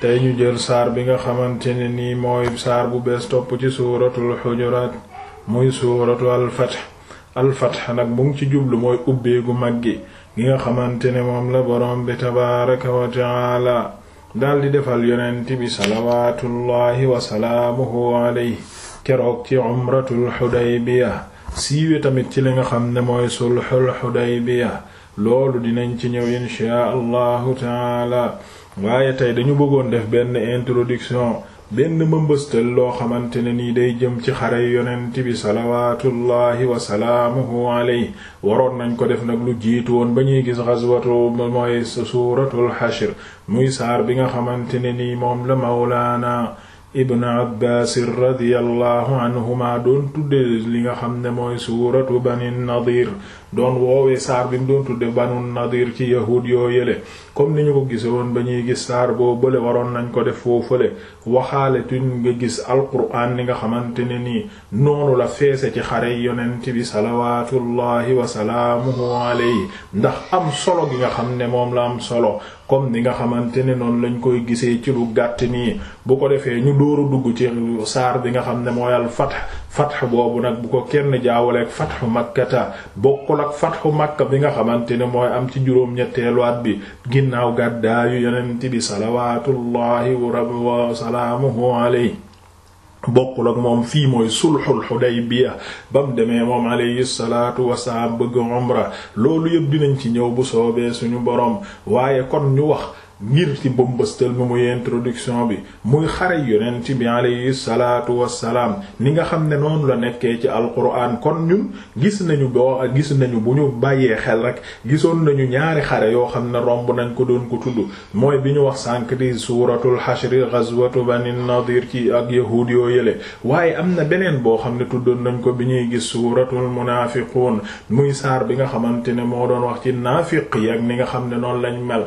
tey ñu jël saar bi nga xamante ne nii mooy saar bu bees topp ci suuratul xujuraat muy suuratu alfath alfath nag bu ci jublu mooy ubbeegu mag gi nga xamante ne moom la boroom bi tabaaraka wa taala daldi defal yonent bi salawaatullaahi wa salaamuhu alayhi keroog ci tamit ci li nga xam ne mooy sulxul loolu dinañ ci ñëw inchaa allahu taala waaye tey dañu bëggoon def benn introduction benn mëmbëstal loo xamante ne nii day jëm ci xare yonent bi salawaatullahi wasalaamuhu alayhi waroon nañ ko def nag lu jiitu woon ba ñuy gis ghazwatu mooy suuratul hashr muy saar bi nga xamante ne nii moom la mawlaana ibn abbaasin radiyallahu anhuma doon tudde li nga xam ne mooy suuratu bani nadir doon woowee saar bi mu doon tudde banu nadir ci yahuud yoo yële comme ni ñu ko gisoon ba ñuy gis saar boo bële waroon nañ ko def foofale waxaale tuñ nga gis alquraan ni nga xamante ne nii noonu la feese ci xare yonent bi salawaatullahi wasalaamuhu alayhi ndax am solo gi nga xam ne moom la am solo comme ni nga xamante ne noonu lañ koy gisee ci lu gàtt nii bu ko defee ñu dóoru dugg ci saar bi nga xam ne mooy al fath fath boobu nag bu ko kenn jaawaleeg fathu makkata bokkul ak fathu makka bi nga xamante ne mooy am ci juróom-ñetteelu bi ginnaaw gàddaayu yonent bi salawatullahi wa salaamuhu alayhi bokkul ak moom fii mooy sulxul xudaybiya ba mu demee moom alayhi salaatu wasalaam bëgg umra loolu yëpp dinañ ci ñëw bu soobee suñu borom waaye kon ñu wax ngir ci bombastal bi muy introduction bi muy xare yonent bi alayhi salaatu wassalaam ni nga xam ne noonu la nekkee ci alquran kon ñun gis nañu boo gis nañu bu ñu bàyyee xel rek gisoon nañu ñaari xare yoo xam ne romb nañ ko doon ko tudd mooy bi ñu wax sànq di suuratul xashri ghazwatu bani nadir ci ak yahuud yoo yële waaye am na beneen boo xam ne tuddoon nañ ko bi ñuy gis suuratul munaafiquun muy saar bi nga xamante ne moo doon wax ci naafiq yi ak ni nga xam ne noonu lañ mel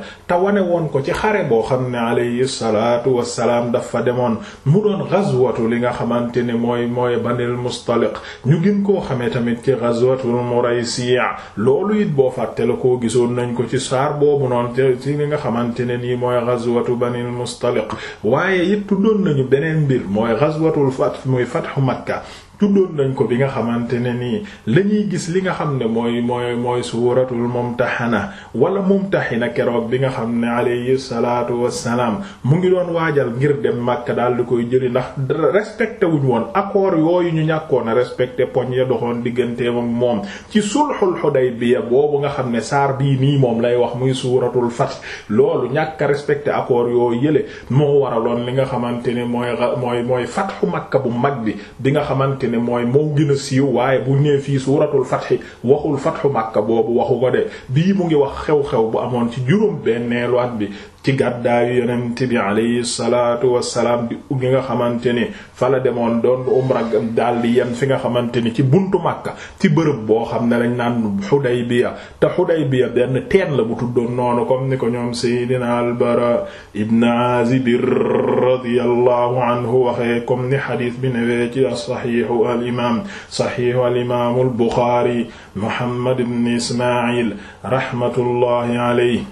ci xare boo xam ne alayhi salaatu wassalaam dafa demoon mu doon ghazwatu li nga xamante ne mooy mooy banil mustaliq ñu gën koo xamee tamit ci ghazwatul muraysiya loolu it boo fàtte la koo gisoon nañ ko ci saar boobu noon ci li nga xamante ne nii mooy ghazwatu banil mustaliq waaye it tuddoon nañu beneen mbir mooy ghazwatul fath muy fathu makka tuddoon nañ ko bi nga xamante ne nii la ñuy gis li nga xam ne mooy mooy mooy suuratul mumtahana wala mumtahina keroog bi nga xam ne alayhi salaatu wassalaam mu ngi doon waajal ngir dem Makka daal di koy jëli ndax respecté wuñ woon accord yooyu ñu ñàkkoon a respecté poñ ya doxoon diggante ak moom ci sulhul Hudaybiya boobu nga xam ne saar bii nii moom lay wax muy suuratul fat loolu ñàkk a respecté accord yooyu yële moo waraloon li nga xamante ne mooy mooy mooy fathu bu mag bi bi nga xamante ne mooy moo gën a siiw waaye bu nee fii suuratul fatxi waxul fatxu Makka boobu waxu ko de bii mu ngi wax xew-xew bu amoon ci juróom benneelu at bi ci gàddaayu yonent bi alayhi salaatu wassalaam di ugi nga xamante ni fala demoon doon umra daal di fi nga xamante ni ci buntu Makka ci bërëb boo xam ne lañ naan Xudaybiya te Xudaybiya benn teen la bu tuddoon noonu comme ni ko ñoom Seydina al-Bara ibn Aazib radiyallahu anhu waxee comme ni xadiis bi newee ci saxiixu al imaam saxiixu al imaam al Buxaari Muhammad ibn Ismaayil rahmatullahi alayhi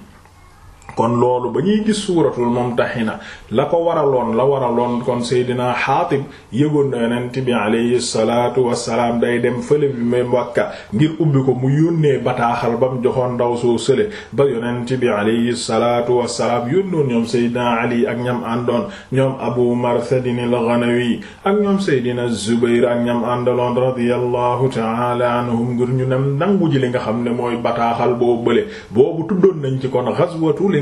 kon loolu ba ñuy gis suuratul mumtahina la ko waraloon la waraloon kon Seydina Xaatib yëgoon na yonent bi alayhi salaatu wassalaam day dem fële bi may Makka ngir ubbi ko mu yónnee bataaxal ba mu joxoon ndaw soo sële ba yonent bi alayhi salaatu wassalaam yónnoon ñoom Seydina Ali ak ñam àndoon ñoom Abu Marsadin al-Ghanawi ak ñoom Seydina Zubayr ak ñam àndaloon radiyallahu ta'ala anhum ngir ñu nem nangu ji li nga xam ne mooy bataaxal boo bële boobu tuddoon nañ ci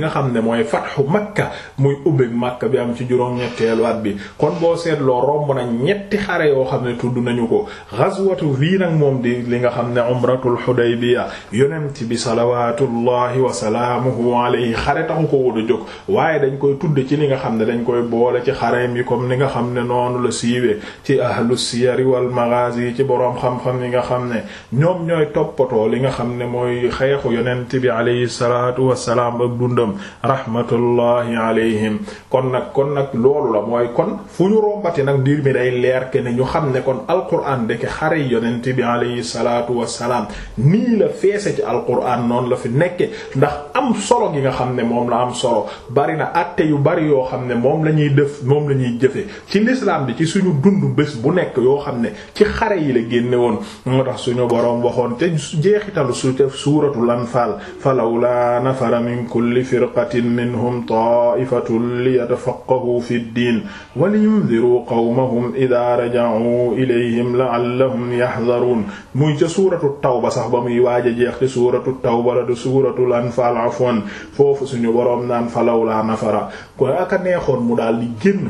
nga xam ne mooy fatxu makka muy ubbeek makka bi am ci juróom-ñetteelu at bi kon boo seetloo romb na ñetti xare yoo xam ne tudd nañu ko ghazwatu bii nag moom di li nga xam ne umratul hudaybiya yonent bi salawatullahi wa salaamuhu alayhi xare taxu ko woon a jóg waaye dañ koy tudd ci li nga xam ne dañ koy boole ci xareem yi comme li nga xam ne noonu la siiwee ci ahlu siyar wal maghazi ci boroom xam-xam yi nga xam ne ñoom ñooy toppatoo li nga xam ne mooy xeexu yonent bi alayhi salaatu wa salaam ak dundam rahmatullahi alayhim kon nag kon nag loolu la mooy kon fu ñu rombati nag diir mi day leer ke ne ñu xam ne kon alquran deke xare yonent bi alayhi salaatu wassalaam nii la feese ci alquran noonu la fi nekke ndax am solo gi nga xam ne moom la am solo bari na atte yu bari yoo xam ne moom la ñuy def moom la ñuy jëfe ci l'islam bi ci suñu dund bés bu nekk yoo xam ne ci xare yi la génne woon moo tax suñu boroom waxoon te jeexitalu su te suuratul anfaal falawla firqatin minhum taa'ifatun liyatafaqqahuu fi ddiin wa liyundiruu qawmahum idaa raja'uu ilayhim la'allahum yahdaruun muy ca suuratu tawba sax ba muy waaj a jeex ci suuratu tawba la de suuratul anfaal afwan foofu suñu boroom naan falawlaa nafara ko ak a neexoon mu daal di génn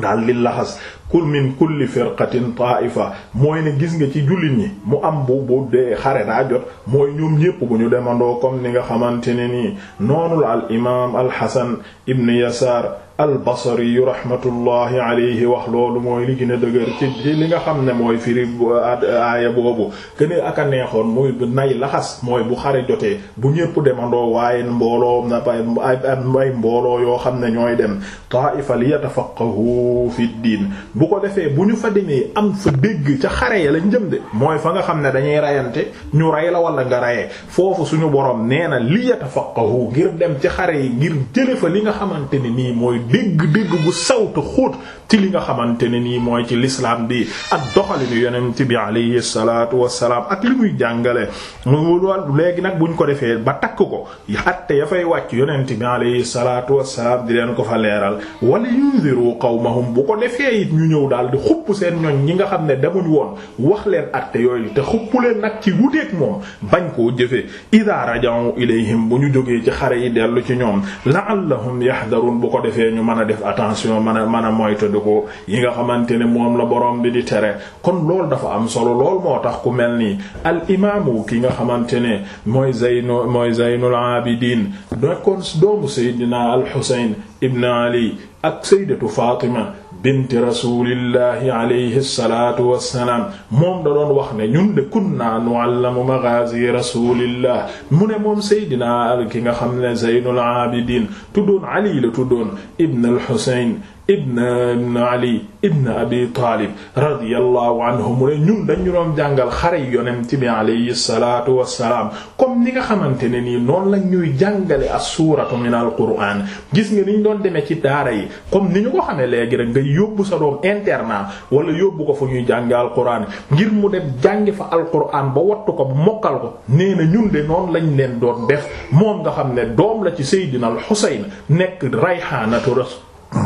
daal li laxas kul min kulli firqatin taaifa mooy ni gis nga ci jullit ñi mu am bu bu dee xare daa jot mooy ñoom ñépp bu ñu demandoo comme ni nga xamante ne nii noonu la al imaam al Hasan ibn Yasaar al-Basri rahmatullahi alayhi wax loolu mooy li gën a dëgër ci li nga xam ne mooy firi aaya boobu këne ak a neexoon muy nay laxas mooy bu xare jotee bu ñëpp demandoo waaye mbooloo na ay mbooloo yoo xam ne ñooy dem taaifa li yatafaqqahu fi diin bu ko defee bu ñu fa demee am fa dégg ca xare ya lañ jëm de mooy fa nga xam ne dañuy rayante ñu rey la wala nga reyee foofu suñu borom nee na li yatafaqqahu ngir dem ci xare yi ngir jële fa li nga xamante ni nii mooy dégg-dégg bu sew te xóot ci li nga xamante ne nii mooy ci lislaam bi ak doxalinu yonent bi alayhi salaatu wassalaam ak li muy jàngale mu léegi nag buñ ko defee ba takk ko atte ya fay wàcc yonent bi alayhi salaatu wassalaam di leen ko fa leeral wala yunziru qawmahum bu ko defee it ñu ñëw daal di xupp seen ñoñ ñi nga xam ne demuñ woon wax leen atte yooyu te xupp leen nag ci wuteek moom bañ koo jëfee idaa raja'u ilayhim bu ñu jógee ci xare yi dellu ci ñoom ko defee ñu mën a def attention mën a mën a moytandiku yi nga xamante ne moom la borom bi di tere kon loolu dafa am solo lool moo tax ku mel ni al imaamu ki nga xamante ne mooy Zeynu mooy Zeynul Abidin nekkoon doomu Seydina al Husayn ibn Ali ak sayyidatu Fatima binti rasulillahi alayhi salatu wassalaam moom da doon wax ne ñun de kunna nu'allamu maghazi rasulillah mu ne moom saydina ki nga xam ne Zaynul Abidin tuddoon Ali la tuddoon ibn al-Husayn ibn ibn ali ibn abi taalib radiyallahu anhu mu ne ñun dañu doon jàngal xare yonent bi alayhi salaatu wassalaam comme ni nga xamante ne nii noonu lañ ñuy jàngale as-suuratu min al-qur'aan gis nga ni ñu doon demee ci daara yi comme ni ñu ko xamee léegi rek nga yóbbu sa doom internat wala yóbbu ko fu ñuy jànge al-qur'aan ngir mu dem jàngi fa al-qur'aan ba wattu ko bu mokkal ko nee na ñun de noonu lañ leen doon def moom nga xam ne doom la ci seydina al-Husayn nekk rayhaanatu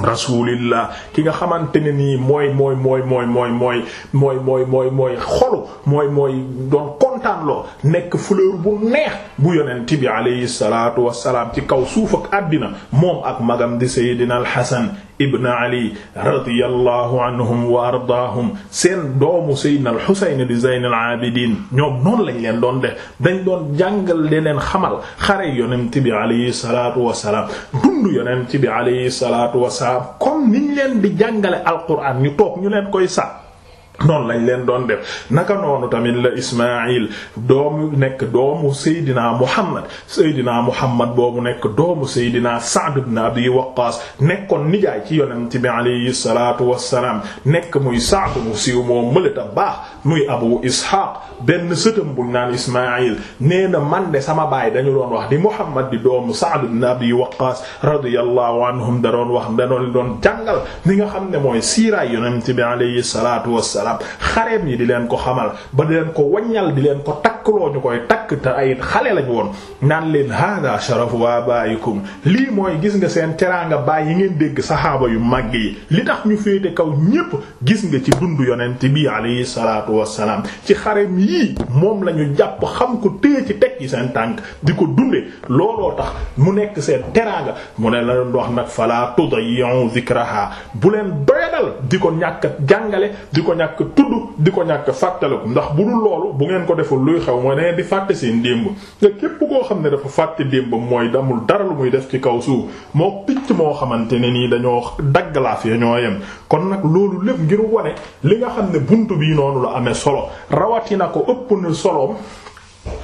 rasulillah ki nga xamante ne nii mooy mooy mooy mooy mooy mooy mooy mooy mooy mooy xolu mooy mooy doon taatanloo nekk fleur bu neex bu yonent bi alayhi salaatu wassalaam ci kaw suuf ak àddina moom ak magam di Seydina Alxasan ibn Ali radiyallahu anhum wa ardaahum seen doomu Seydina Alxuseyn di Zeynal ñoom noonu lañ leen doon de dañ doon jàngal di leen xamal xare yonent bi alayhi wa wassalaam dundu yonent bi alayhi salaatu wassalaam comme niñ leen di jàngale Alquraan ñu toog ñu leen koy sax noonu lañ leen doon def naka noonu tamit la Ismaïl doomu nekk doomu Seydina Muhammad Seydina Muhammad boobu nekk doomu Seydina Sa'd ibn Abi Waqqas nekkoon nijaay ci yonent bi alayhi salaatu wassalaam nekk muy Sa'd mu siw moo mëlata baax muy Abu Ishaq benn sëtam buñ naan Ismaïl nee na man de sama baay dañu doon wax di Muhammad di doomu Sa'd ibn Abi Waqqas radiyallahu anhum da doon wax da doon doon jàngal li nga xam ne mooy siiraay yonent bi alayhi salaatu wassalaam salaam xareem yi di leen ko xamal ba di leen ko waññal di leen ko takkloo ñu koy takk te ay xale lañ woon naan leen hada sharafu abaikum lii mooy gis nga seen teraanga baay yi ngeen dégg saxaaba yu màgg yi li tax ñu féete kaw ñépp gis nga ci dundu yonent bi alayhi salaatu wassalaam ci xarem yii moom lañu jàpp xam ko téye ci teg yi seen tànk di ko dunde looloo tax mu nekk seen teraanga mu ne la doon wax nag fala tudayyu zikraha bu leen doyadal di ko ñàkk jàngale di ko ñàkk tudd di ko ñàkk fàttaliku ndax bu xew mooy nee bi fàtte seen démb nga képp koo xam ne dafa fàtte démb mooy damul dara lu muy def ci kaw suuf moo picc moo xamante ne nii dañoo dagg laaf ya ñoo yem kon nag loolu lépp ngir wane li nga xam ne bunt bii noonu lu amee solo rawatina ko ëpp na solo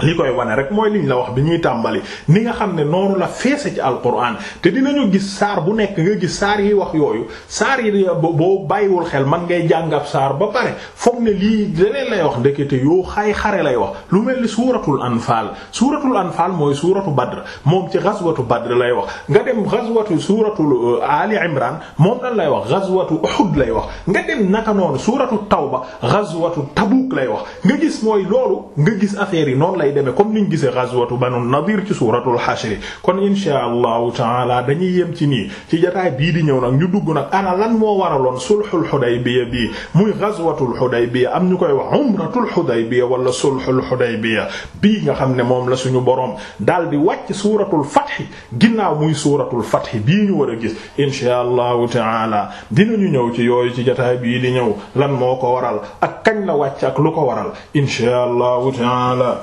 li koy wane rek mooy liñ la wax bi ñuy tàmbali ni nga xam ne noonu la feese ci alquran te dinañu gis saar bu nekk nga gis saar yi wax yooyu saar yi boo bàyyiwul xel man ngay jàngab saar ba pare foog ne lii leneen lay wax ndekete yoo xay xare lay wax lu mel ni suuratul anfaal suuratul anfaal mooy suuratu badr moom ci ghazwatu badr lay wax nga dem ghazwatu suuratul euh, ali imran moom lan lay wax ghazwatu uhud lay wax nga dem naka noonu suuratu tawba ghazwatu tabuk lay wax nga gis mooy loolu nga gis affaire yi noonu noonu lay demee comme niñ gisee ghazwatu banu nadir ci suuratul hashr kon insha allahu taala dañuy yem ci nii ci jotaay bii di ñëw nag ñu dugg nag ana lan moo waraloon sulhul hudaybiya bii muy ghazwatul hudaybiya am ñu koy wax umratul hudaybiya wala sulhul hudaybiya bii nga xam ne moom la suñu borom daal di wàcc suuratul fath ginnaaw muy suuratul fath bii ñu war a gis insha allahu taala ñu ñëw ci yooyu ci jotaay bii di ñëw lan moo ko waral ak kañ la wàcc ak lu ko waral insha allahu taala